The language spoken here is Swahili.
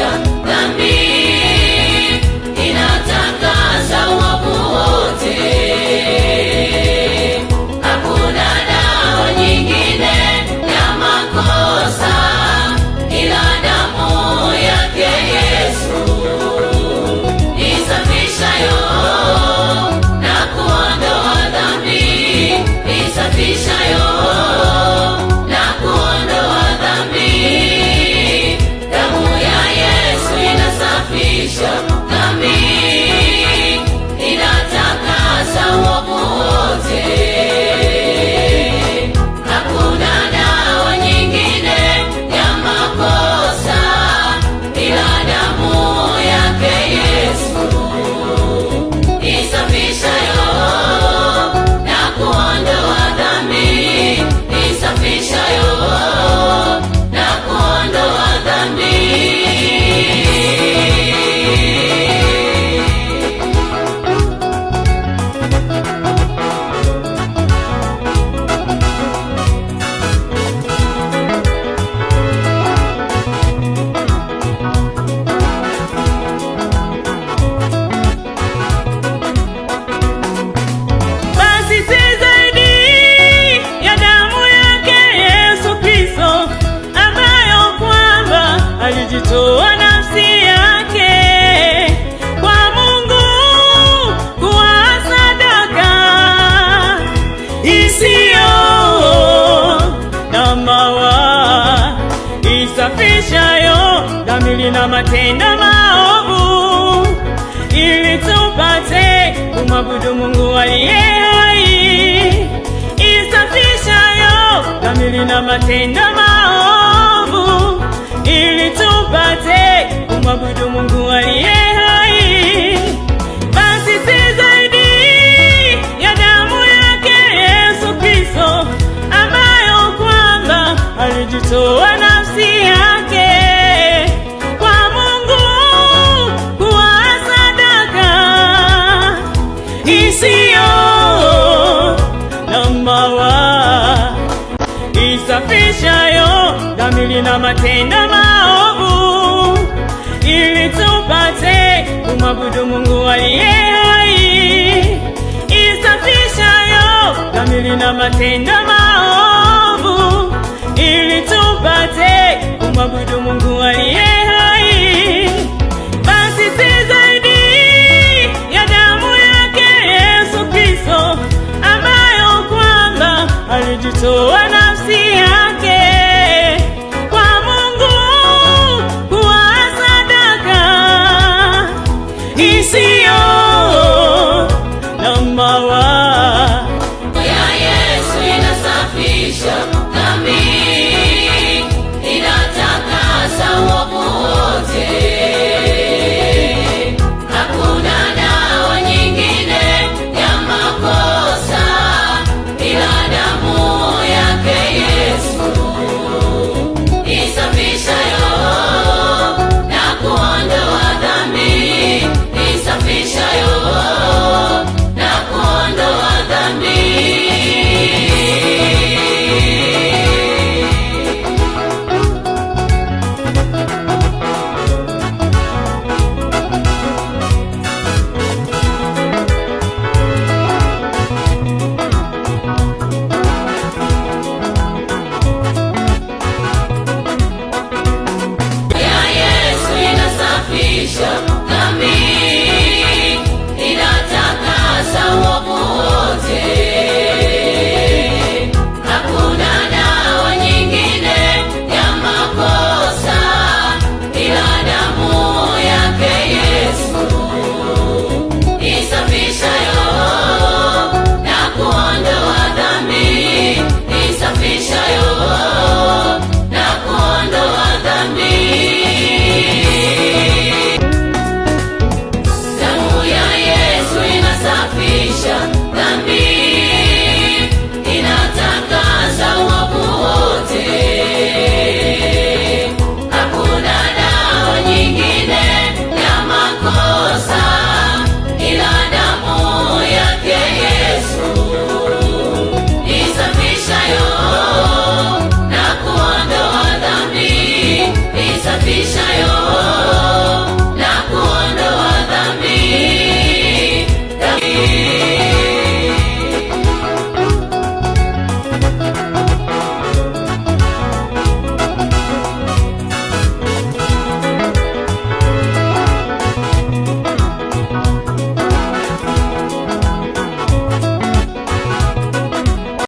Yeah. isiyo na mawa isafishayo dhamiri na matenda maovu ili tupate kumwabudu Mungu aliye hai isafishayo dhamiri na matenda maovu kuitoa nafsi yake kwa Mungu kuwa sadaka isiyo na mawa isafishayo dhamiri na matenda maovu ili tupate kumwabudu Mungu aliye hai isafishayo dhamiri na matendo maovu kuitoa nafsi yake kwa Mungu kuwa sadaka isi